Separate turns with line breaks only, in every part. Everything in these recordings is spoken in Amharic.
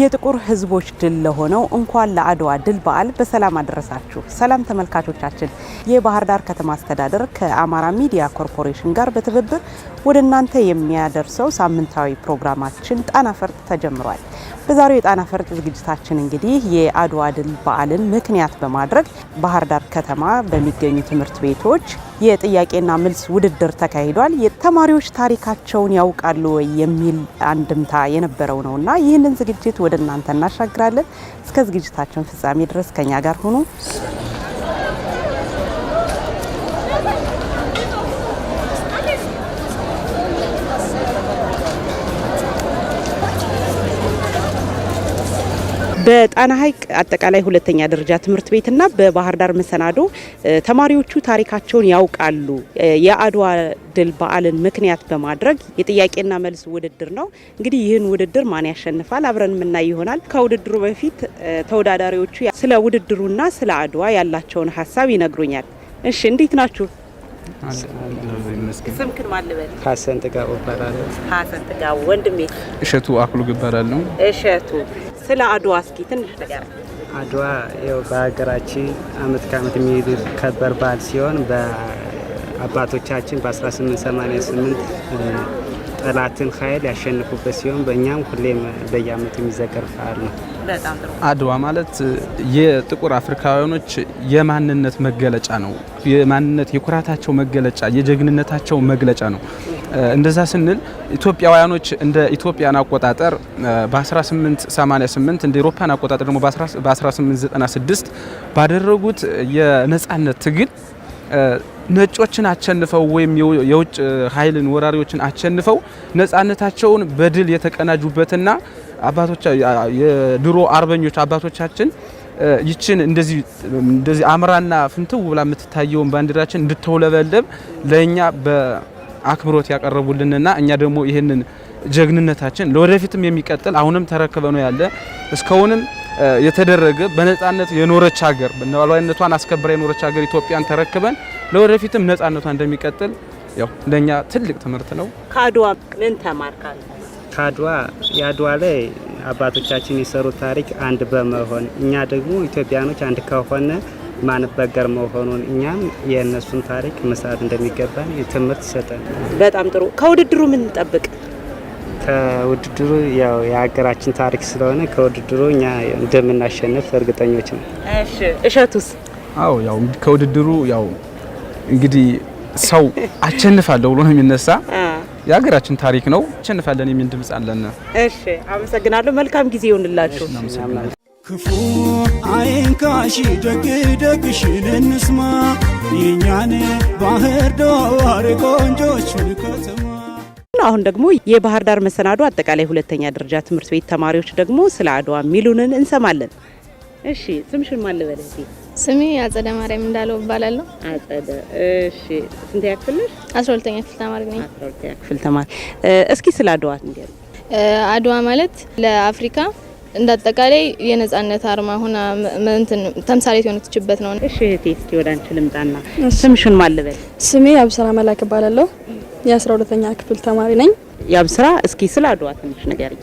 የጥቁር ህዝቦች ድል ለሆነው እንኳን ለአድዋ ድል በዓል በሰላም አደረሳችሁ። ሰላም ተመልካቾቻችን፣ የባህር ዳር ከተማ አስተዳደር ከአማራ ሚዲያ ኮርፖሬሽን ጋር በትብብር ወደ እናንተ የሚያደርሰው ሳምንታዊ ፕሮግራማችን ጣና ፈርጥ ተጀምሯል። በዛሬው የጣና ፈርጥ ዝግጅታችን እንግዲህ የአድዋ ድል በዓልን ምክንያት በማድረግ ባህር ዳር ከተማ በሚገኙ ትምህርት ቤቶች የጥያቄና መልስ ውድድር ተካሂዷል። የተማሪዎች ታሪካቸውን ያውቃሉ ወይ የሚል አንድምታ የነበረው ነውና ይህንን ዝግጅት ወደ እናንተ እናሻግራለን። እስከ ዝግጅታችን ፍጻሜ ድረስ ከኛ ጋር ሁኑ። በጣና ሐይቅ አጠቃላይ ሁለተኛ ደረጃ ትምህርት ቤትና በባህር ዳር መሰናዶ ተማሪዎቹ ታሪካቸውን ያውቃሉ። የአድዋ ድል በዓልን ምክንያት በማድረግ የጥያቄና መልስ ውድድር ነው። እንግዲህ ይህን ውድድር ማን ያሸንፋል አብረን የምናይ ይሆናል። ከውድድሩ በፊት ተወዳዳሪዎቹ ስለ ውድድሩና ስለ አድዋ ያላቸውን ሀሳብ ይነግሩኛል። እሺ፣ እንዴት ናችሁ?
ስምክን ማልበል
ሀሰን ጥጋቡ እባላለሁ።
ሀሰን ጥጋቡ ወንድሜ
እሸቱ አክሉ እባላለሁ።
እሸቱ ስለ አድዋ እስኪ ትንሽ ነገር።
አድዋ ያው በሀገራችን አመት ከአመት የሚከበር በዓል ሲሆን በአባቶቻችን በ1888 ጠላትን ኃይል ያሸንፉበት ሲሆን በእኛም ሁሌም በየአመቱ የሚዘከር በዓል ነው።
አድዋ ማለት የጥቁር አፍሪካውያኖች የማንነት መገለጫ ነው። የማንነት የኩራታቸው መገለጫ፣ የጀግንነታቸው መግለጫ ነው። እንደዛ ስንል ኢትዮጵያውያኖች እንደ ኢትዮጵያን አቆጣጠር በ1888 እንደ ኤሮፓን አቆጣጠር ደግሞ በ1896 ባደረጉት የነጻነት ትግል ነጮችን አቸንፈው ወይም የውጭ ኃይልን ወራሪዎችን አቸንፈው ነጻነታቸውን በድል የተቀናጁበትና አባቶች የድሮ አርበኞች አባቶቻችን ይችን እንደዚህ እንደዚህ አምራና ፍንትው ብላ የምትታየውን ባንዲራችን እንድትውለበለብ ለኛ በአክብሮት ያቀረቡልንና እኛ ደግሞ ይህንን ጀግንነታችን ለወደፊትም የሚቀጥል አሁንም ተረክበ ነው ያለ እስካሁንም የተደረገ በነጻነት የኖረች ሀገር ሉዓላዊነቷን አስከብራ የኖረች ሀገር ኢትዮጵያን ተረክበን ለወደፊትም ነጻነቷ እንደሚቀጥል ያው ለኛ ትልቅ ትምህርት ነው።
ከአድዋ ምን ተማርካለ?
ከአድዋ የአድዋ ላይ አባቶቻችን የሰሩት ታሪክ አንድ በመሆን እኛ ደግሞ ኢትዮጵያኖች አንድ ከሆነ ማንበገር መሆኑን እኛም የእነሱን ታሪክ መስራት እንደሚገባን ትምህርት ይሰጠን።
በጣም ጥሩ። ከውድድሩ ምን እንጠብቅ?
ከውድድሩ ያው የሀገራችን ታሪክ ስለሆነ ከውድድሩ እኛ እንደምናሸንፍ እርግጠኞች ነው።
እሸቱስ?
አዎ ያው ከውድድሩ ያው እንግዲህ ሰው አቸንፋለሁ ብሎ ነው የሚነሳ የሀገራችን ታሪክ ነው። እንሸንፋለን የሚል ድምፅ አለን።
እሺ፣ አመሰግናለሁ። መልካም ጊዜ ይሁንላችሁ። ክፉ አይንካሽ፣ ደግ ደግሽን እንስማ።
የእኛን ባህር ዳር ቆንጆችን ከተማ አሁን ደግሞ የባህር ዳር መሰናዶ አጠቃላይ ሁለተኛ ደረጃ ትምህርት ቤት ተማሪዎች ደግሞ ስለ አድዋ የሚሉንን እንሰማለን።
እሺ ስምሽን ማን ልበል?
ስሜ አጸደ ማርያም እንዳለው እባላለሁ።
አጸደ እሺ፣ ስንተኛ ክፍል ነሽ?
አስራ ሁለተኛ ክፍል ተማሪ ነኝ።
አስራ ሁለተኛ ክፍል ተማሪ። እስኪ ስለ አድዋ ንገሪኝ።
አድዋ ማለት ለአፍሪካ እንዳጠቃላይ የነጻነት አርማ ሆና እንትን ተምሳሌት የሆነችበት ነው።
እሺ እህቴ፣ እስኪ ወደ አንቺ ልምጣና ስምሽን ማን ልበል?
ስሜ አብስራ መላክ እባላለሁ። የአስራ ሁለተኛ ክፍል ተማሪ ነኝ።
የአብስራ፣ እስኪ ስለ አድዋ ትንሽ ንገሪኝ።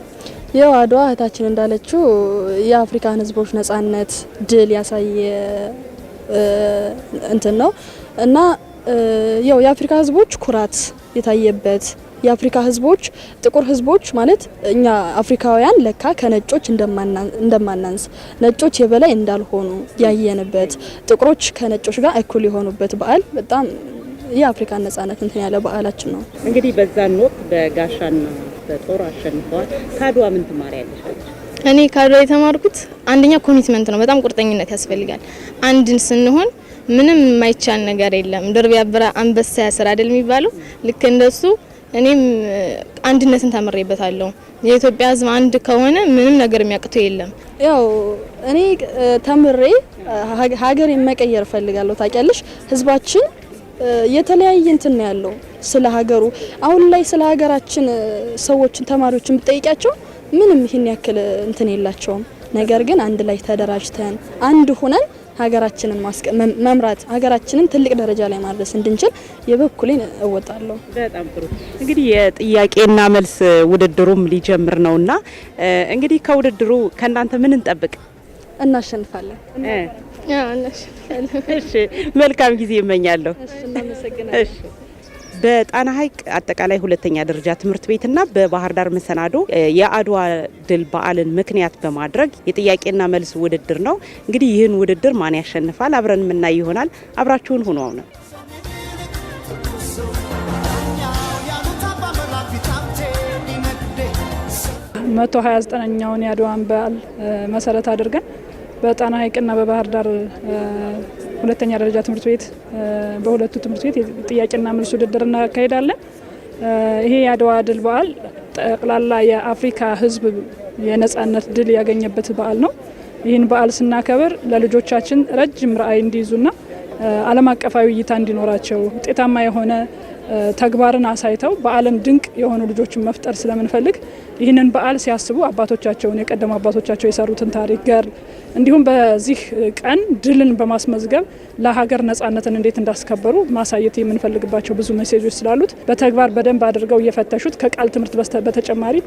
ይኸው አድዋ እህታችን እንዳለችው የአፍሪካን ህዝቦች ነጻነት ድል ያሳየ እንትን ነው እና ያው የአፍሪካ ህዝቦች ኩራት የታየበት የአፍሪካ ህዝቦች ጥቁር ህዝቦች ማለት እኛ አፍሪካውያን ለካ ከነጮች እንደማናንስ ነጮች የበላይ እንዳልሆኑ ያየንበት ጥቁሮች ከነጮች ጋር እኩል የሆኑበት በዓል በጣም የአፍሪካን ነጻነት እንትን ያለ በዓላችን ነው።
እንግዲህ በዛን ወቅት በጋሻና በጦር አሸንፈዋል። ካድዋ ምን ትማሪያለሽ?
እኔ ካድዋ የተማርኩት አንደኛ ኮሚትመንት ነው። በጣም ቁርጠኝነት ያስፈልጋል። አንድን ስንሆን ምንም የማይቻል ነገር የለም። ድር ቢያብር አንበሳ ያስር አይደል የሚባለው? ልክ እንደሱ እኔም አንድነትን ተምሬበታለሁ። የኢትዮጵያ ሕዝብ አንድ ከሆነ ምንም ነገር የሚያቅተው የለም። ያው እኔ ተምሬ ሀገር መቀየር እፈልጋለሁ። ታውቂያለሽ ህዝባችን የተለያየ እንትን ነው ያለው ስለ ሀገሩ። አሁን ላይ ስለ ሀገራችን ሰዎችን ተማሪዎችን ብጠይቂያቸው ምንም ይህን ያክል እንትን የላቸውም። ነገር ግን አንድ ላይ ተደራጅተን አንድ ሁነን ሀገራችንን መምራት ሀገራችንን ትልቅ ደረጃ ላይ ማድረስ እንድንችል የበኩሌን እወጣለሁ።
በጣም ጥሩ። እንግዲህ የጥያቄና መልስ ውድድሩም ሊጀምር ነውና እንግዲህ ከውድድሩ ከእናንተ ምን እንጠብቅ?
እናሸንፋለን።
መልካም ጊዜ እመኛለሁ።
በጣና ሐይቅ አጠቃላይ ሁለተኛ ደረጃ ትምህርት ቤትና በባህር ዳር መሰናዶ የአድዋ ድል በዓልን ምክንያት በማድረግ የጥያቄና መልስ ውድድር ነው። እንግዲህ ይህን ውድድር ማን ያሸንፋል አብረን የምናይ ይሆናል። አብራችሁን ሁኑ። አሁነ
መቶ ሀያ ዘጠነኛውን የአድዋን በዓል መሰረት አድርገን በጣና ሐይቅና በባህር ዳር ሁለተኛ ደረጃ ትምህርት ቤት በሁለቱ ትምህርት ቤት ጥያቄና መልስ ውድድር እናካሄዳለን። ይሄ የአድዋ ድል በዓል ጠቅላላ የአፍሪካ ሕዝብ የነጻነት ድል ያገኘበት በዓል ነው። ይህን በዓል ስናከብር ለልጆቻችን ረጅም ራዕይ እንዲይዙና ዓለም አቀፋዊ እይታ እንዲኖራቸው ውጤታማ የሆነ ተግባርን አሳይተው በዓለም ድንቅ የሆኑ ልጆችን መፍጠር ስለምንፈልግ ይህንን በዓል ሲያስቡ አባቶቻቸውን የቀደሙ አባቶቻቸው የሰሩትን ታሪክ ገር እንዲሁም በዚህ ቀን ድልን በማስመዝገብ ለሀገር ነጻነትን እንዴት እንዳስከበሩ ማሳየት የምንፈልግባቸው ብዙ ሜሴጆች ስላሉት በተግባር በደንብ አድርገው እየፈተሹት ከቃል ትምህርት በተጨማሪ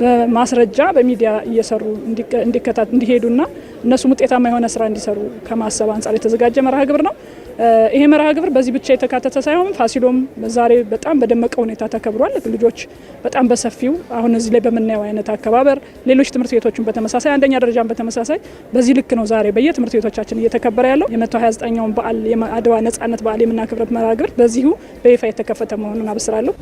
በማስረጃ በሚዲያ እየሰሩ እንዲሄዱና እነሱም ውጤታማ የሆነ ስራ እንዲሰሩ ከማሰብ አንጻር የተዘጋጀ መርሃ ግብር ነው። ይሄ መርሃ ግብር በዚህ ብቻ የተካተተ ሳይሆን ፋሲሎም ዛሬ በጣም በደመቀ ሁኔታ ተከብሯል። ልጆች በጣም በሰፊው አሁን እዚህ ላይ በምናየው አይነት አከባበር ሌሎች ትምህርት ቤቶችን በተመሳሳይ አንደኛ ደረጃን በተመሳሳይ በዚህ ልክ ነው ዛሬ በየትምህርት ቤቶቻችን እየተከበረ ያለው የ129ኛውን በዓል የአድዋ ነጻነት በዓል የምናከብረው መርሃ ግብር በዚሁ በይፋ የተከፈተ መሆኑን አብስራለሁ።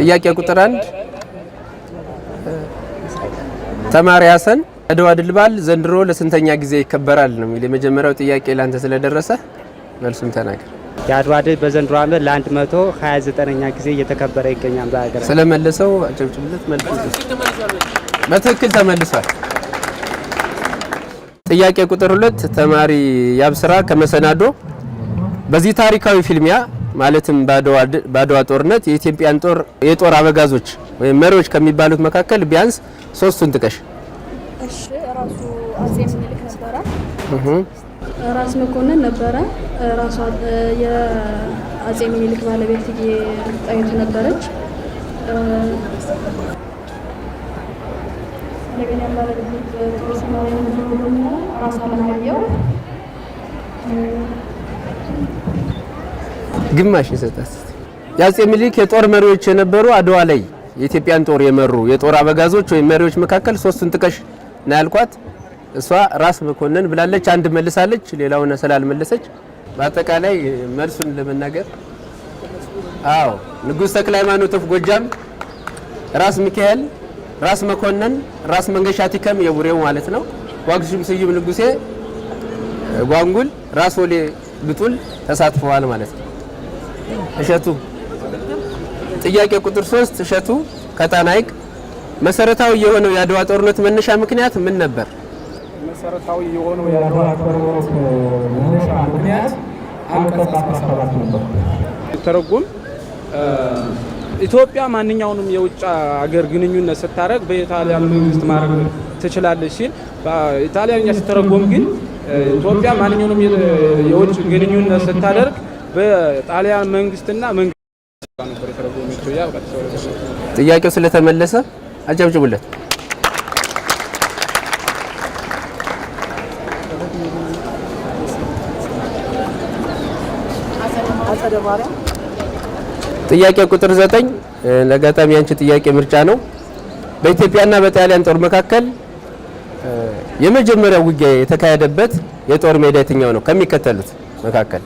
ጥያቄ ቁጥር አንድ ተማሪ ሀሰን አድዋ ድል በዓል ዘንድሮ ለስንተኛ ጊዜ ይከበራል ነው የሚል የመጀመሪያው ጥያቄ ላንተ ስለደረሰ መልሱን ተናገር።
የአድዋ ድል በዘንድሮ ዓመት ለ129ኛ ጊዜ እየተከበረ ይገኛል። በሀገር
ስለመለሰው አጨብጭብለት። በትክክል ተመልሷል። ጥያቄ ቁጥር ሁለት ተማሪ ያብስራ ከመሰናዶ በዚህ ታሪካዊ ፊልሚያ ማለትም በአድዋ ጦርነት የኢትዮጵያን ጦር የጦር አበጋዞች ወይም መሪዎች ከሚባሉት መካከል ቢያንስ ሶስቱን ጥቀሽ።
እሺ፣ ራሱ አጼ ምኒልክ ነበረ፣ ራስ መኮንን ነበረ፣ ራሱ የአጼ ምኒልክ ባለቤት ጣይቱ ነበረች።
ግማሽ የሰጣት የአጼ ምኒልክ የጦር መሪዎች የነበሩ አድዋ ላይ የኢትዮጵያን ጦር የመሩ የጦር አበጋዞች ወይም መሪዎች መካከል ሶስቱን ጥቀሽ ና ያልኳት እሷ ራስ መኮንን ብላለች። አንድ መልሳለች፣ ሌላውን ስላልመለሰች በአጠቃላይ መልሱን ለመናገር አዎ ንጉሥ ተክለ ሃይማኖት ጎጃም፣ ራስ ሚካኤል፣ ራስ መኮንን፣ ራስ መንገሻ ቲከም የቡሬው ማለት ነው። ዋግሹም ስዩም ንጉሴ ጓንጉል፣ ራስ ወሌ ብጡል ተሳትፈዋል ማለት ነው። እሸቱ ጥያቄ ቁጥር 3 እሸቱ ከጣና ሐይቅ መሰረታዊ የሆነው የአድዋ ጦርነት መነሻ ምክንያት ምን ነበር? መሰረታዊ የሆነው የአድዋ ጦርነት መነሻ ምክንያት አንቀጽ ኢትዮጵያ ማንኛውንም የውጭ ሀገር ግንኙነት ስታደርግ በኢጣሊያን መንግስት ማድረግ ትችላለች ሲል በኢጣሊያኛ ሲተረጎም ግን ኢትዮጵያ ማንኛውንም የውጭ ግንኙነት ስታደርግ በጣሊያን መንግስትና መንግስት ጥያቄው ስለተመለሰ አጀብጅቡለት። ጥያቄ ቁጥር 9 ለጋጣሚ ያንቺ ጥያቄ ምርጫ ነው። በኢትዮጵያና በጣሊያን ጦር መካከል የመጀመሪያው ውጊያ የተካሄደበት የጦር ሜዳ የትኛው ነው? ከሚከተሉት መካከል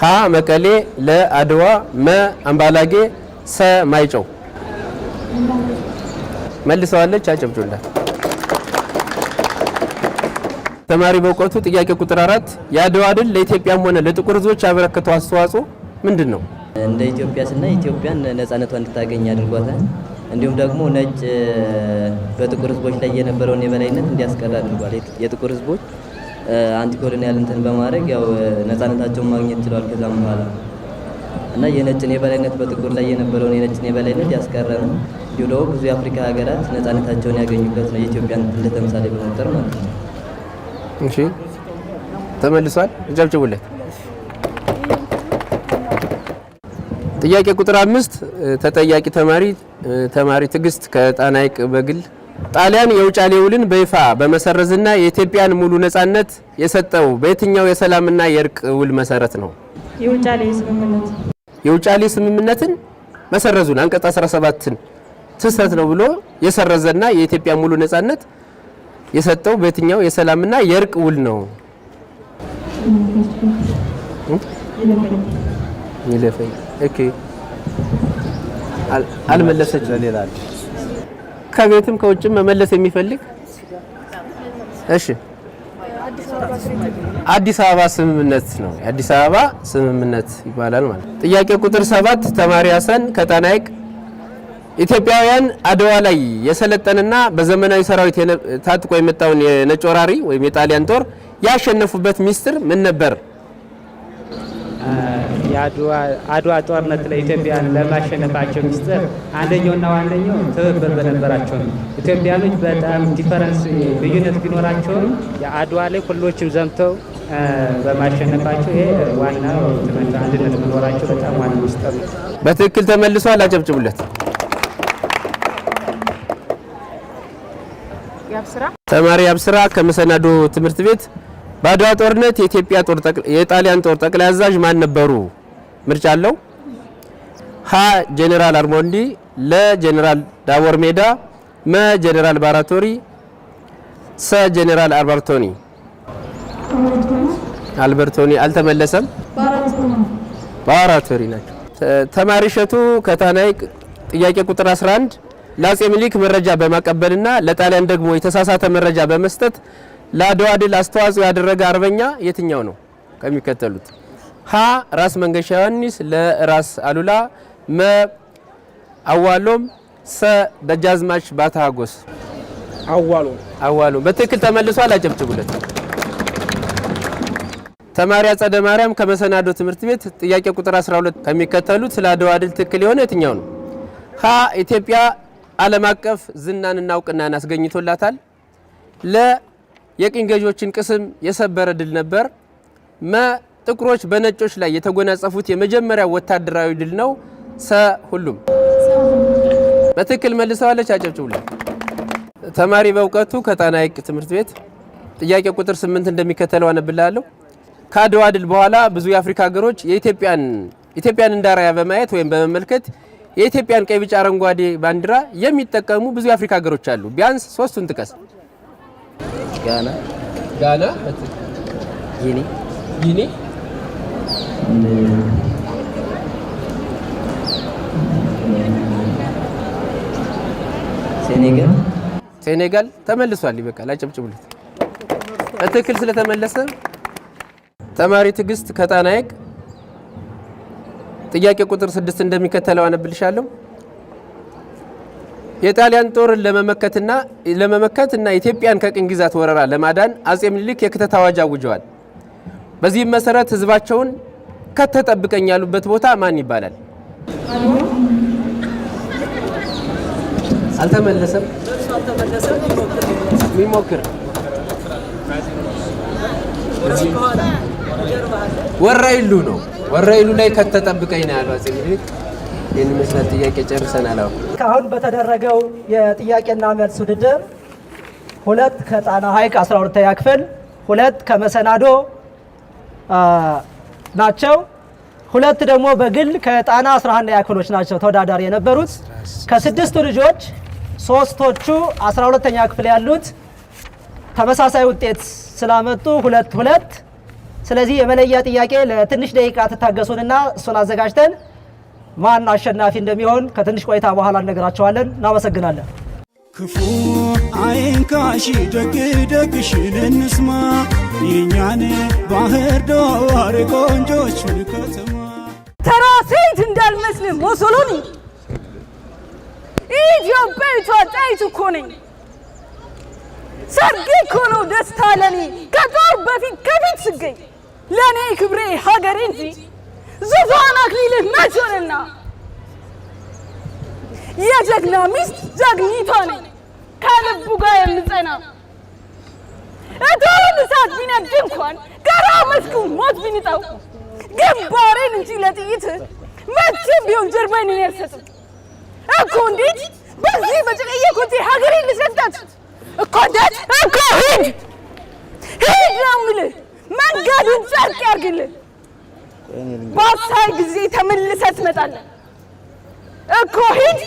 ሀ መቀሌ፣ ለ አድዋ፣ መ አምባላጌ፣ ሰ ማይጨው መልሰዋለች። አጨብጩላት። ተማሪ በእውቀቱ ጥያቄ ቁጥር አራት የአድዋ ድል ለኢትዮጵያም ሆነ ለጥቁር ሕዝቦች ያበረከተው አስተዋጽኦ ምንድን ነው?
እንደ ኢትዮጵያ ስና ኢትዮጵያን ነጻነቷ እንድታገኝ አድርጓታል። እንዲሁም ደግሞ ነጭ በጥቁር ሕዝቦች ላይ የነበረውን የበላይነት እንዲያስቀር አድርጓል። የጥቁር ሕዝቦች አንቲ ኮሎኒያል እንትን በማድረግ ያው ነፃነታቸውን ማግኘት ችሏል። ከዛም በኋላ እና የነጭን የበላይነት በጥቁር ላይ የነበረውን የነጭን የበላይነት ያስቀረ ነው። እንዲሁ ብዙ የአፍሪካ ሀገራት ነፃነታቸውን ያገኙበት ነው። የኢትዮጵያን እንደ ተምሳሌ በመቁጠር ማለት ነው።
እሺ ተመልሷል። እጃብጭቡለት ጥያቄ ቁጥር አምስት ተጠያቂ ተማሪ ተማሪ ትዕግስት ከጣና ሐይቅ በግል ጣሊያን የውጫሌ ውልን በይፋ በመሰረዝና የኢትዮጵያን ሙሉ ነጻነት የሰጠው በየትኛው የሰላምና የእርቅ ውል መሰረት ነው?
የውጫሌ ስምምነት።
የውጫሌ ስምምነትን መሰረዙን አንቀጽ 17ን ስህተት ነው ብሎ የሰረዘና የኢትዮጵያ ሙሉ ነጻነት የሰጠው በየትኛው የሰላምና የእርቅ ውል ነው? ይለፈኝ። ኦኬ፣ አልመለሰችም። ከቤትም ከውጭም መመለስ የሚፈልግ እሺ፣ አዲስ አበባ ስምምነት ነው። አዲስ አበባ ስምምነት ይባላል ማለት ነው። ጥያቄ ቁጥር ሰባት ተማሪ ሀሰን ከጣና ሐይቅ ኢትዮጵያውያን አድዋ ላይ የሰለጠነና በዘመናዊ ሰራዊት ታጥቆ የመጣውን የነጭ ወራሪ ወይም የጣሊያን ጦር ያሸነፉበት ሚስጥር ምን ነበር?
የአድዋ ጦርነት ላይ ኢትዮጵያን ለማሸነፋቸው ሚስጥር አንደኛውና ዋነኛው ትብብር በነበራቸው ነው። ኢትዮጵያኖች በጣም ዲፈረንስ ልዩነት ቢኖራቸውም የአድዋ ላይ ሁሎችም ዘምተው በማሸነፋቸው ይሄ ዋና አንድነት ቢኖራቸው በጣም ዋና ሚስጥር ነው።
በትክክል ተመልሷል። አጨብጭቡለት። ተማሪ አብስራ ከመሰናዶ ትምህርት ቤት በአድዋ ጦርነት የኢትዮጵያ ጦር የጣሊያን ጦር ጠቅላይ አዛዥ ማን ነበሩ? ምርጫ አለው። ሀ ጄኔራል አርሞንዲ፣ ለ ጄኔራል ዳቦር ሜዳ፣ መ ጄኔራል ባራቶሪ፣ ሰ ጄኔራል አልበርቶኒ። አልበርቶኒ አልተመለሰም። ባራቶሪ ናቸው። ተማሪ እሸቱ ከታናይቅ ጥያቄ ቁጥር 11 ለአጼ ምኒልክ መረጃ በማቀበልና ለጣሊያን ደግሞ የተሳሳተ መረጃ በመስጠት ለአድዋ ድል አስተዋጽኦ ያደረገ አርበኛ የትኛው ነው? ከሚከተሉት ሀ ራስ መንገሻ ዮሐንስ ለራስ አሉላ መ አዋሎም ሰ ደጃዝማች ባታጎስ አዋሎ አዋሎ በትክክል ተመልሷል። አጨብጭቡለት። ተማሪ አጸደ ማርያም ከመሰናዶ ትምህርት ቤት ጥያቄ ቁጥር 12 ከሚከተሉት ስለ አድዋ ድል ትክክል የሆነ የትኛው ነው? ሀ ኢትዮጵያ ዓለም አቀፍ ዝናንና እውቅናን አስገኝቶላታል። ለ የቅኝ ገዢዎችን ቅስም የሰበረ ድል ነበር። መ ጥቁሮች በነጮች ላይ የተጎናጸፉት የመጀመሪያ ወታደራዊ ድል ነው። ሰ ሁሉም በትክክል መልሰዋለች። አጨብጭቡላት። ተማሪ በእውቀቱ ከጣና ሐይቅ ትምህርት ቤት ጥያቄ ቁጥር ስምንት እንደሚከተለው አነብላለሁ። ከአድዋ ድል በኋላ ብዙ የአፍሪካ ሀገሮች የኢትዮጵያን ኢትዮጵያን በማየት ወይም በመመልከት የኢትዮጵያን ቀይ፣ ቢጫ፣ አረንጓዴ ባንዲራ የሚጠቀሙ ብዙ የአፍሪካ ሀገሮች አሉ። ቢያንስ ሶስቱን ጥቀስ። ጋና፣ ጋና፣ ጊኒ፣ ጊኒ ሴኔጋል ተመልሷል። ይበቃል፣ አጨብጭቡለት። በትክክል ስለተመለሰ ተማሪ ትዕግስት ከጣና ሐይቅ ጥያቄ ቁጥር ስድስት እንደሚከተለው አነብልሻለሁ። የጣሊያን ጦርን ለመመከትና ለመመከትና ኢትዮጵያን ከቅኝ ግዛት ወረራ ለማዳን አጼ ምኒልክ የክተት አዋጅ አውጀዋል። በዚህም መሰረት ህዝባቸውን ከተጠብቀኝ ያሉበት ቦታ ማን ይባላል? አልተመለሰም። ሚሞክር ወራይሉ ነው። ወራይሉ ላይ ከተጠብቀኝ ነው ያለው አጼ ምኒልክ። ይህን ይመስላል። ጥያቄ ጨርሰናል። አሁን
ከአሁን በተደረገው የጥያቄና መልስ ውድድር ሁለት ከጣና ሐይቅ 12ኛ ክፍል ሁለት ከመሰናዶ ናቸው። ሁለት ደግሞ በግል ከጣና 11 ያክሎች ናቸው ተወዳዳሪ የነበሩት። ከስድስቱ ልጆች ሶስቶቹ 12 ኛ ክፍል ያሉት ተመሳሳይ ውጤት ስላመጡ ሁለት ሁለት። ስለዚህ የመለያ ጥያቄ ለትንሽ ደቂቃ ትታገሱንና እሱን አዘጋጅተን ማን አሸናፊ እንደሚሆን ከትንሽ ቆይታ በኋላ እነግራቸዋለን። እናመሰግናለን። ክፉ አይንካሽ ደግ ደግሽን እንስማ የእኛን ባህር ዳር ቆንጆችን ከተማ ተራ ሴት እንዳልመስልም ሞሶሎኒ ኢትዮጵያዊቷ ጣይቱ እኮ ነኝ። ሰርጌ እኮ ነው ደስታ ለኔ ከጦር በፊት ከፊት ስገኝ ለእኔ ክብሬ ሀገሬ እንጂ ዙፋን አክሊልህ መች ሆነና የጀግና ሚስት ጀግኒቷ ነኝ ከልቡ ጋር የምጸና እቶን እሳት ቢነድ እንኳን ጋራ መስኩ ሞት ቢንጣው ግንባሬን እንጂ ለጥይት መቼም ቢሆን ጀርባዬን እኔ አልሰጥም እኮ። እንዴት በዚህ በጨቀየ ኮቴ ሀገሬን ልሰጣት እኮ ደት እኮ ሂድ ሂድ ነው የምልህ። መንገዱን ጨርቅ ያርግልህ። በአሳይ ጊዜ ተመልሰህ ትመጣለህ እኮ ሂድ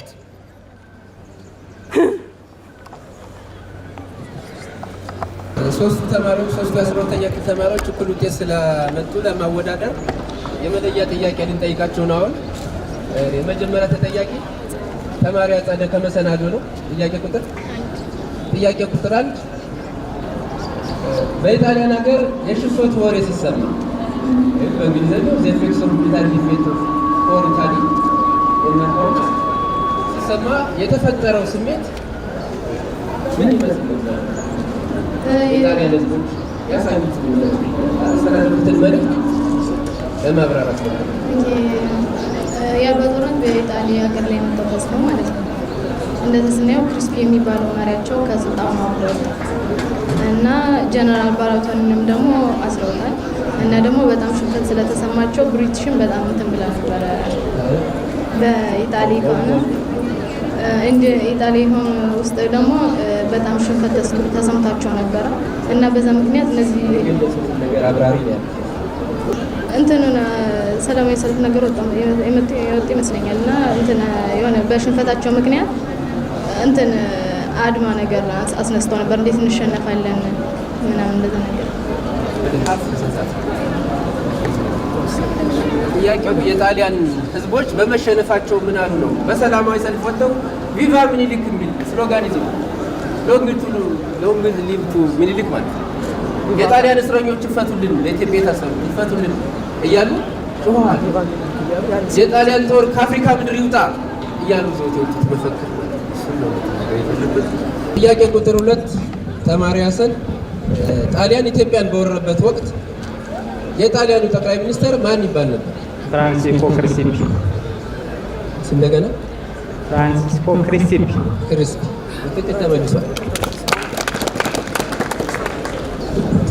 ሶስት ተማሪዎች ሶስቱ የአስራ ሁለተኛ ክፍል ተማሪዎች እኩል ውጤት ስላመጡ ለማወዳደር የመለያ ጥያቄ ልንጠይቃቸው ነው። አሁን የመጀመሪያ ተጠያቂ ተማሪ አጸደ ከመሰናዶ ነው። ጥያቄ ቁጥር ጥያቄ ቁጥር አንድ በኢጣሊያን ሀገር የሽሶት ወሬ ሲሰማ በእንግሊዝኛው ዘ ፌክስ ኦፍ ኢታሊ ፌት ኦፍ ኢታሊ ሲሰማ የተፈጠረው ስሜት ለኢትዮጵያውያን ለማብራራት
የአርባ ጦራት በኢጣሊ ሀገር ላይ መጠበስ ነው ማለት ነው። እንደዚህ ስናየው ክሪስፒ የሚባለው መሪያቸው ከስልጣኑ አውርደውታል እና ጀነራል ባራቶንንም ደግሞ አስረውታል እና ደግሞ በጣም ሽንፈት ስለተሰማቸው ብሪቲሽን በጣም እንትን ብላ ነበረ በኢጣሊ ከሆነ እንደ ኢጣሊያ የሆነ ውስጥ ደግሞ በጣም ሽንፈት ተሰምታቸው ነበረ እና በዛ ምክንያት እነዚህ እንትንን ሰላማዊ ሰልፍ ነገር የመጡ ይመስለኛል እና እንትን የሆነ በሽንፈታቸው ምክንያት እንትን አድማ ነገር አስነስተው ነበር። እንዴት እንሸነፋለን ምናምን እንደዛ ነገር
ጥያቄው የጣሊያን ህዝቦች በመሸነፋቸው ምን አሉ ነው። በሰላማዊ ሰልፍ ወጥተው ቪቫ ምኒልክ የሚል ስሎጋን ይዘው ሎንግ ቱ ሎንግ ሊቭ ቱ ምኒልክ ማለት ነው። የጣሊያን እስረኞች ይፈቱልን፣ ለኢትዮጵያ የታሰሩ ይፈቱልን እያሉ ጮኸዋል። የጣሊያን ጦር ከአፍሪካ ምድር ይውጣ እያሉ ዘውቴዎች መፈክር ጥያቄ ቁጥር ሁለት ተማሪ ያሰን ጣሊያን ኢትዮጵያን በወረረበት ወቅት የጣሊያኑ ጠቅላይ ሚኒስትር ማን ይባል ነበር?
ፍራንሲስኮ ክሪሲፒ እንደገና ፍራንሲስኮ ክሪሲፒ
ክሪስፒ ውጤት ተመልሷል።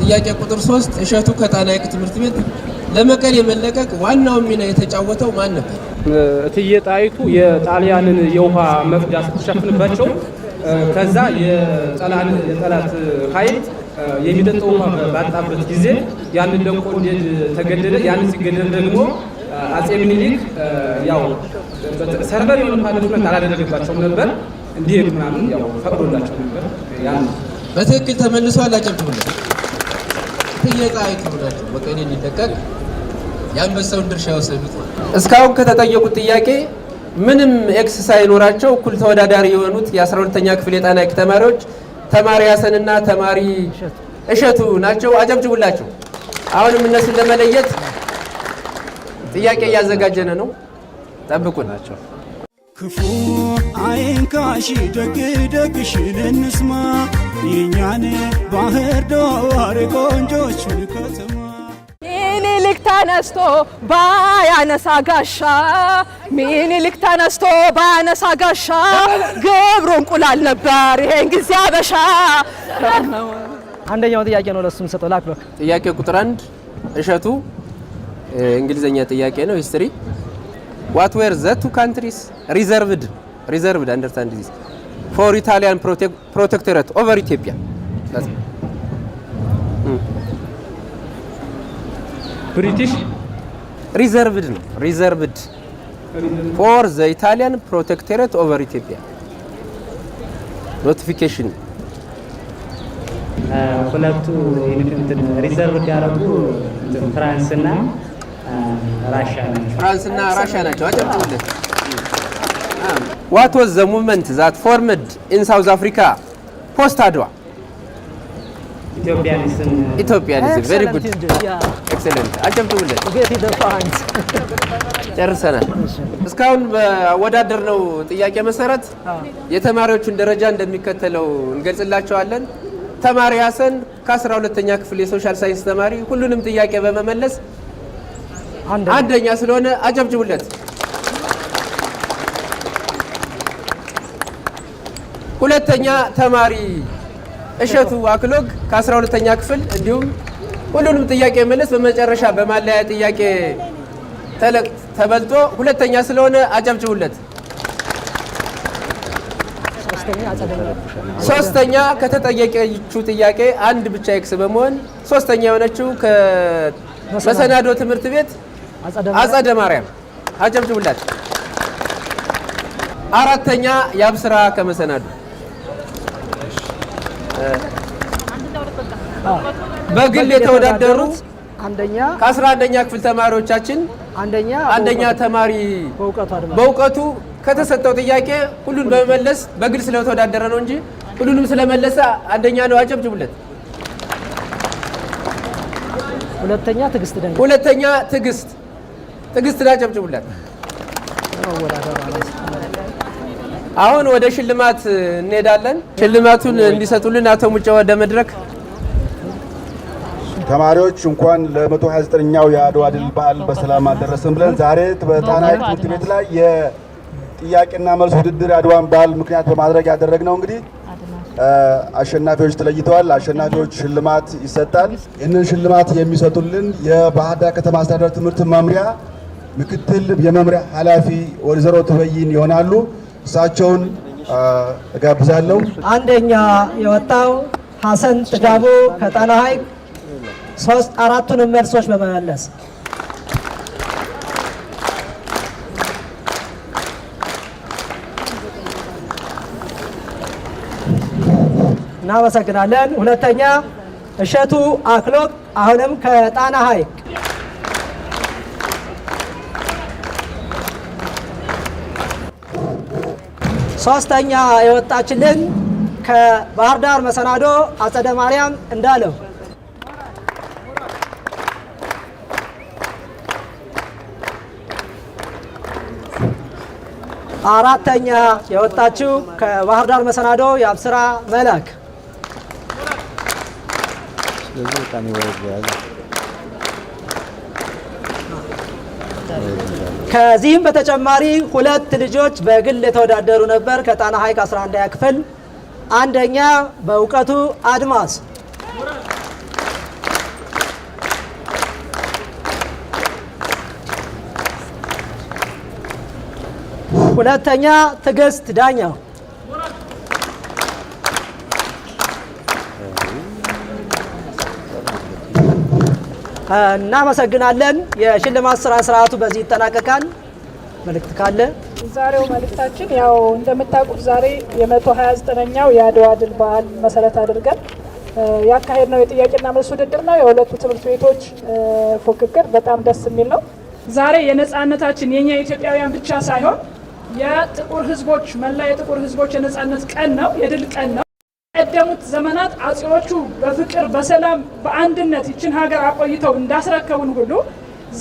ጥያቄ ቁጥር ሶስት እሸቱ ከጣና ሐይቅ ትምህርት ቤት ለመቀሌ መለቀቅ ዋናው ሚና የተጫወተው ማን ነበር? እትዬ ጣይቱ የጣሊያንን የውሃ መቅጃ ስትሸፍንባቸው ከዛ የጠላት ኃይል የሚጠጣው ውሃ ባጣበት ጊዜ ያንን ደንቆ እንዴት ተገደለ። ያንን ሲገደል ደግሞ አጼ ምኒልክ ያው ሰርቨር የሆነ ፓነሽመንት አላደረገባቸውም ነበር፣ እንዲሄዱ ምናምን ያው ፈቅዶላቸው ነበር። ያን በትክክል ተመልሶ አላጨብጭቡለት ጥየቃ አይቅብላቸው እንዲለቀቅ የአንበሳውን ድርሻ የወሰዱት እስካሁን ከተጠየቁት ጥያቄ ምንም ኤክስ ሳይኖራቸው እኩል ተወዳዳሪ የሆኑት የ12ኛ ክፍል የጣና ሐይቅ ተማሪዎች ተማሪ ሀሰንና ተማሪ እሸቱ ናቸው። አጨብጭቡላቸው። አሁንም እነሱን ለመለየት ጥያቄ እያዘጋጀን ነው። ጠብቁን ናቸው። ክፉ አይንካሽ፣ ደግ ደግሽን እንስማ። የእኛን ባህር ዳር ቆንጆች ከተማ ሚኒልክ
ተነስቶ ባያነሳ ጋሻ ሚኒልክ ተነስቶ ባያነሳ ጋሻ ግብሩ እንቁላል ነበር ይሄን ጊዜ አበሻ። አንደኛው ጥያቄ ነው ለሱ የምሰጠው። ላክበክ
ጥያቄ ቁጥር አንድ እሸቱ እንግሊዘኛ ጥያቄ ነው። ሂስትሪ ዋት ዌር ዘ ቱ ካንትሪስ ሪዘርቭድ ሪዘርቭድ አንደርስታንድ ዚስ ፎር ኢታሊያን ፕሮቴክቶሬት ኦቨር ኢትዮጵያ ብሪቲሽ ሪዘርቭድ ነው። ሪዘርቭድ ፎር ዘ ኢታሊያን ፕሮቴክቶሬት ኦቨር ኢትዮጵያ ኖቲፊኬሽን
ሁለቱ ሪዘርቭድ ያደረጉ ፍራንስ እና
ፍራንስና ራሻ ናቸው። አጨብጭቡለት። ዋት ወዝ ዘ ሙቭመንት ዛት ፎርምድ ኢን ሳውዝ አፍሪካ ፖስት አድዋ?
ኢትዮጵያኒዝም።
ኢትዮጵያኒዝም። ጉድ ኤክሰለንት። አጨብጭቡለት። ጨርሰናል። እስካሁን በወዳደር ነው ጥያቄ መሰረት የተማሪዎቹን ደረጃ እንደሚከተለው እንገልጽላቸዋለን። ተማሪ ሀሰን ከአስራ ሁለተኛ ክፍል የሶሻል ሳይንስ ተማሪ ሁሉንም ጥያቄ በመመለስ አንደኛ ስለሆነ አጀብጅቡለት ሁለተኛ ተማሪ እሸቱ አክሎግ ከ12ተኛ ክፍል እንዲሁም ሁሉንም ጥያቄ መለስ በመጨረሻ በማለያ ጥያቄ ተበልጦ ሁለተኛ ስለሆነ አጀብጅቡለት ሶስተኛ ከተጠየቀችው ጥያቄ አንድ ብቻ ይክስ በመሆን ሶስተኛ የሆነችው ከመሰናዶ ትምህርት ቤት አጸደ ማርያም አጨብጭቡላት። አራተኛ የአብስራ ከመሰናዱ በግል የተወዳደሩ አንደኛ ከአስራ አንደኛ ክፍል ተማሪዎቻችን አንደኛ አንደኛ ተማሪ በእውቀቱ ከተሰጠው ጥያቄ ሁሉን በመመለስ በግል ስለተወዳደረ ነው እንጂ ሁሉንም ስለመለሰ አንደኛ ነው። አጨብጭቡለት።
ሁለተኛ ትዕግስት
ሁለተኛ ትዕግስት ትዕግስት ላይ ጨብጭቡላት። አሁን ወደ ሽልማት እንሄዳለን። ሽልማቱን እንዲሰጡልን አቶ ሙጨ ወደ መድረክ። ተማሪዎች እንኳን ለ129ኛው የአድዋ ድል በዓል በሰላም አደረሰን ብለን ዛሬ በጣና ትምህርት ቤት ላይ የጥያቄና መልስ ውድድር የአድዋን በዓል ምክንያት በማድረግ ያደረግነው እንግዲህ አሸናፊዎች ተለይተዋል። አሸናፊዎች ሽልማት ይሰጣል። ይህንን ሽልማት የሚሰጡልን የባህር ዳር ከተማ አስተዳደር ትምህርት መምሪያ ምክትል የመምሪያ ኃላፊ ወይዘሮ ትበይን ይሆናሉ። እሳቸውን እጋብዛለሁ።
አንደኛ የወጣው ሀሰን ጥጋቡ ከጣና ሐይቅ ሶስት አራቱንም መልሶች በመመለስ እናመሰግናለን። ሁለተኛ እሸቱ አክሎግ አሁንም ከጣና ሐይቅ ሶስተኛ የወጣችልን ከባህር ዳር መሰናዶ አጸደ ማርያም እንዳለው አራተኛ የወጣችው ከባህር ዳር መሰናዶ የአብስራ መላክ ከዚህም በተጨማሪ ሁለት ልጆች በግል የተወዳደሩ ነበር ከጣና ሐይቅ 11 ክፍል። አንደኛ በእውቀቱ አድማስ፣ ሁለተኛ ትዕግስት ዳኛው እናመሰግናለን። የሽልማት ስራ ስርዓቱ በዚህ ይጠናቀቃል። መልእክት ካለ
ዛሬው መልእክታችን ያው እንደምታውቁት ዛሬ የመቶ ሀያ ዘጠነኛው የአድዋ ድል በዓል መሰረት አድርገን ያካሄድ ነው የጥያቄና መልስ ውድድር ነው። የሁለቱ ትምህርት ቤቶች ፉክክር በጣም ደስ የሚል ነው። ዛሬ የነጻነታችን የኛ ኢትዮጵያውያን ብቻ ሳይሆን የጥቁር ህዝቦች መላ የጥቁር ህዝቦች የነጻነት ቀን ነው፣ የድል ቀን ነው። ቀደሙት ዘመናት አጼዎቹ በፍቅር በሰላም በአንድነት ይችን ሀገር አቆይተው እንዳስረከቡን ሁሉ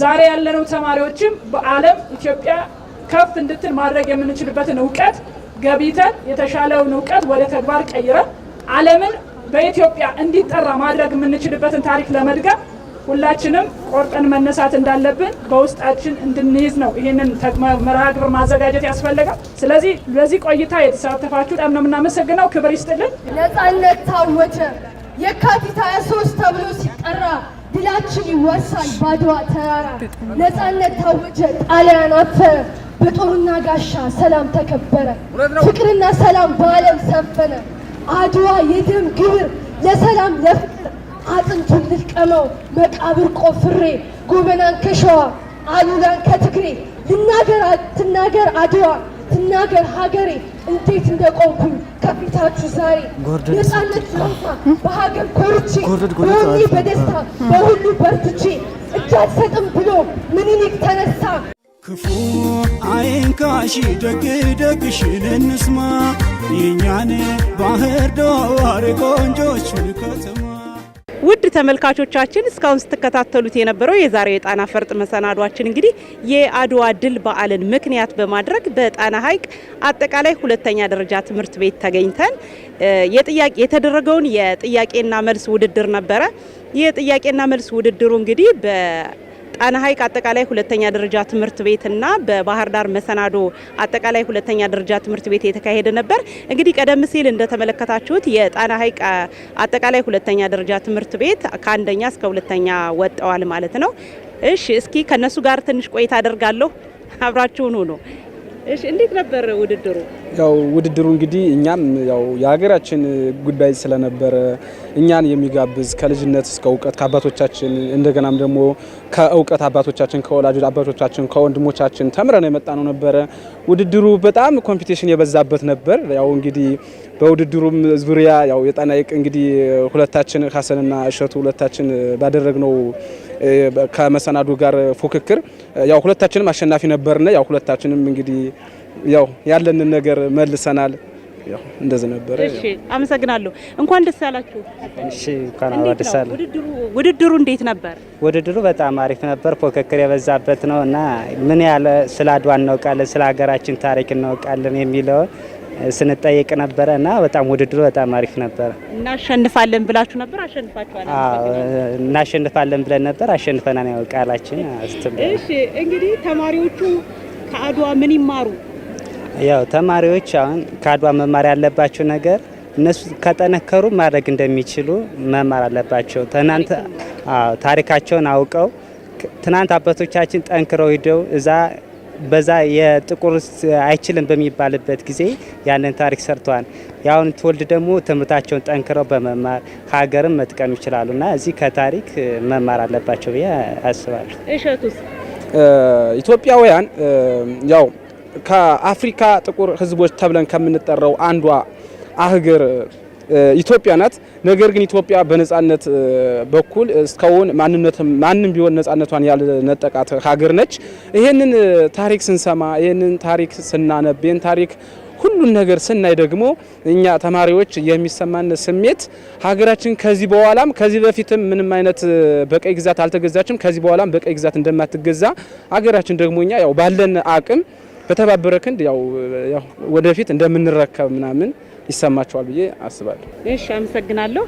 ዛሬ ያለነው ተማሪዎችም በዓለም ኢትዮጵያ ከፍ እንድትል ማድረግ የምንችልበትን እውቀት ገቢተን የተሻለውን እውቀት ወደ ተግባር ቀይረን ዓለምን በኢትዮጵያ እንዲጠራ ማድረግ የምንችልበትን ታሪክ ለመድገም ሁላችንም ቆርጠን መነሳት እንዳለብን በውስጣችን እንድንይዝ ነው ይህንን መርሃ ግብር ማዘጋጀት ያስፈልጋል። ስለዚህ በዚህ ቆይታ የተሳተፋችሁ በጣም ነው የምናመሰግነው። ክብር ይስጥልን።
ነጻነት ታወጀ። የካቲት 23 ተብሎ ሲጠራ ድላችን ይወሳል ባድዋ ተራራ። ነፃነት ታወጀ፣ ጣሊያን አፈረ፣ በጦርና ጋሻ ሰላም ተከበረ፣ ፍቅርና ሰላም በዓለም ሰፈነ። አድዋ የደም ግብር ለሰላም ለፍቅር አጥንቱን ልልቀመው መቃብር ቆፍሬ ጎበናን ከሸዋ አሉላን ከትግሬ ትናገር አድዋ ትናገር ሀገሬ እንዴት እንደቆምኩኝ ከፊታችሁ ዛሬ ነፃነት ለምፋ በሀገር ኮርቼ በወኔ በደስታ በሁሉ በርትቼ እጅ አልሰጥም ብሎ ምኒልክ ተነሳ። ክፉ አይንካሽ ደግ ደግሽን እንስማ የእኛን ባህር ዳር ቆንጆች! ከተማ ውድ ተመልካቾቻችን እስካሁን ስትከታተሉት የነበረው የዛሬው የጣና ፈርጥ መሰናዷችን እንግዲህ የአድዋ ድል በዓልን ምክንያት በማድረግ በጣና ሐይቅ አጠቃላይ ሁለተኛ ደረጃ ትምህርት ቤት ተገኝተን የጥያቄ የተደረገውን የጥያቄና መልስ ውድድር ነበረ። ይህ መልስ ውድድሩ እንግዲህ ጣና ሐይቅ አጠቃላይ ሁለተኛ ደረጃ ትምህርት ቤትና በባህር ዳር መሰናዶ አጠቃላይ ሁለተኛ ደረጃ ትምህርት ቤት የተካሄደ ነበር። እንግዲህ ቀደም ሲል እንደተመለከታችሁት የጣና ሐይቅ አጠቃላይ ሁለተኛ ደረጃ ትምህርት ቤት ከአንደኛ እስከ ሁለተኛ ወጠዋል ማለት ነው። እሺ፣ እስኪ ከነሱ ጋር ትንሽ ቆይታ አደርጋለሁ። አብራችሁን ሁኑ። እሺ እንዴት ነበር ውድድሩ?
ያው ውድድሩ እንግዲህ እኛም ያው የሀገራችን ጉዳይ ስለነበረ እኛን የሚጋብዝ ከልጅነት እስከ እውቀት ከአባቶቻችን እንደገናም ደግሞ ከእውቀት አባቶቻችን ከወላጆች አባቶቻችን ከወንድሞቻችን ተምረን የመጣ ነው ነበረ። ውድድሩ በጣም ኮምፒቲሽን የበዛበት ነበር። ያው እንግዲህ በውድድሩም ዙሪያ ያው የጣና ሐይቅ እንግዲህ ሁለታችን ሀሰንና እሸቱ ሁለታችን ባደረግነው ከመሰናዱ ጋር ፉክክር ያው ሁለታችንም አሸናፊ ነበርና ያው ሁለታችንም እንግዲህ ያው ያለንን ነገር መልሰናል። ያው እንደዚህ ነበረ።
እሺ፣ አመሰግናለሁ። እንኳን ደስ አላችሁ። እሺ፣ እንኳን ደስ አለ። ውድድሩ እንዴት ነበር?
ውድድሩ በጣም አሪፍ ነበር። ፉክክር የበዛበት ነው እና ምን ያለ ስለ አድዋ እናውቃለን፣ ስለ ሀገራችን ታሪክ እናውቃለን የሚለውን ስንጠየቅ ነበረ እና በጣም ውድድሩ በጣም አሪፍ ነበረ።
እናሸንፋለን ብላችሁ ነበር? አሸንፋችኋል?
እናሸንፋለን ብለን ነበር፣ አሸንፈናን። ያው ቃላችን
እሺ እንግዲህ ተማሪዎቹ ከአድዋ ምን ይማሩ?
ያው ተማሪዎች አሁን ከአድዋ መማር ያለባቸው ነገር እነሱ ከጠነከሩ ማድረግ እንደሚችሉ መማር አለባቸው። ትናንት ታሪካቸውን አውቀው ትናንት አባቶቻችን ጠንክረው ሂደው እዛ በዛ የጥቁር አይችልም በሚባልበት ጊዜ ያንን ታሪክ ሰርተዋል። የአሁን ትውልድ ደግሞ ትምህርታቸውን ጠንክረው በመማር ሀገርን መጥቀም ይችላሉ እና እዚህ ከታሪክ መማር አለባቸው ብዬ አስባለሁ።
እሸቱስ
ኢትዮጵያውያን ያው ከአፍሪካ ጥቁር ህዝቦች ተብለን ከምንጠራው አንዷ አህግር ኢትዮጵያ ናት። ነገር ግን ኢትዮጵያ በነጻነት በኩል እስካሁን ማንም ቢሆን ነጻነቷን ያልነጠቃት ሀገር ነች። ይህንን ታሪክ ስንሰማ፣ ይሄንን ታሪክ ስናነብ፣ ይሄን ታሪክ ሁሉን ነገር ስናይ ደግሞ እኛ ተማሪዎች የሚሰማን ስሜት ሀገራችን ከዚህ በኋላም ከዚህ በፊትም ምንም አይነት በቀይ ግዛት አልተገዛችም፣ ከዚህ በኋላም በቀይ ግዛት እንደማትገዛ ሀገራችን ደግሞ እኛ ያው ባለን አቅም በተባበረ ክንድ ያው ወደፊት እንደምንረከብ ምናምን ይሰማቸዋል ብዬ አስባለሁ።
እሺ፣ አመሰግናለሁ።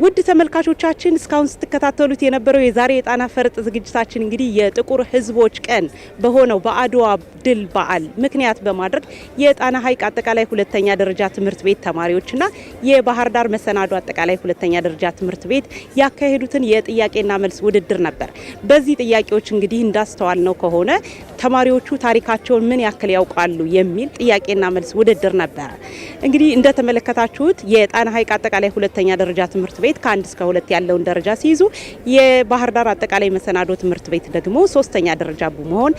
ውድ ተመልካቾቻችን እስካሁን ስትከታተሉት የነበረው የዛሬ የጣና ፈርጥ ዝግጅታችን እንግዲህ የጥቁር ሕዝቦች ቀን በሆነው በአድዋ ድል በዓል ምክንያት በማድረግ የጣና ሐይቅ አጠቃላይ ሁለተኛ ደረጃ ትምህርት ቤት ተማሪዎችና የባህር ዳር መሰናዶ አጠቃላይ ሁለተኛ ደረጃ ትምህርት ቤት ያካሄዱትን የጥያቄና መልስ ውድድር ነበር። በዚህ ጥያቄዎች እንግዲህ እንዳስተዋል ነው ከሆነ ተማሪዎቹ ታሪካቸውን ምን ያክል ያውቃሉ የሚል ጥያቄና መልስ ውድድር ነበር። እንግዲህ እንደተመለከታችሁት የጣና ሐይቅ አጠቃላይ ሁለተኛ ደረጃ ትምህርት ቤት ከአንድ እስከ ሁለት ያለውን ደረጃ ሲይዙ የባህር ዳር አጠቃላይ መሰናዶ ትምህርት ቤት ደግሞ ሶስተኛ ደረጃ በመሆን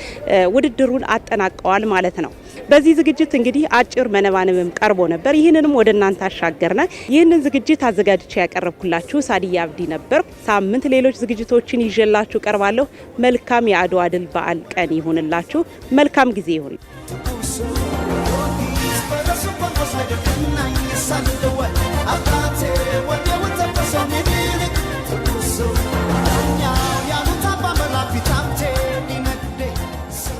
ውድድሩን አጠናቀዋል ማለት ነው። በዚህ ዝግጅት እንግዲህ አጭር መነባነብም ቀርቦ ነበር። ይህንንም ወደ እናንተ አሻገርነ። ይህንን ዝግጅት አዘጋጅቼ ያቀረብኩላችሁ ሳዲያ አብዲ ነበር። ሳምንት ሌሎች ዝግጅቶችን ይዤላችሁ ቀርባለሁ። መልካም የአድዋ ድል በዓል ቀን ይሁንላችሁ። መልካም ጊዜ ይሁን።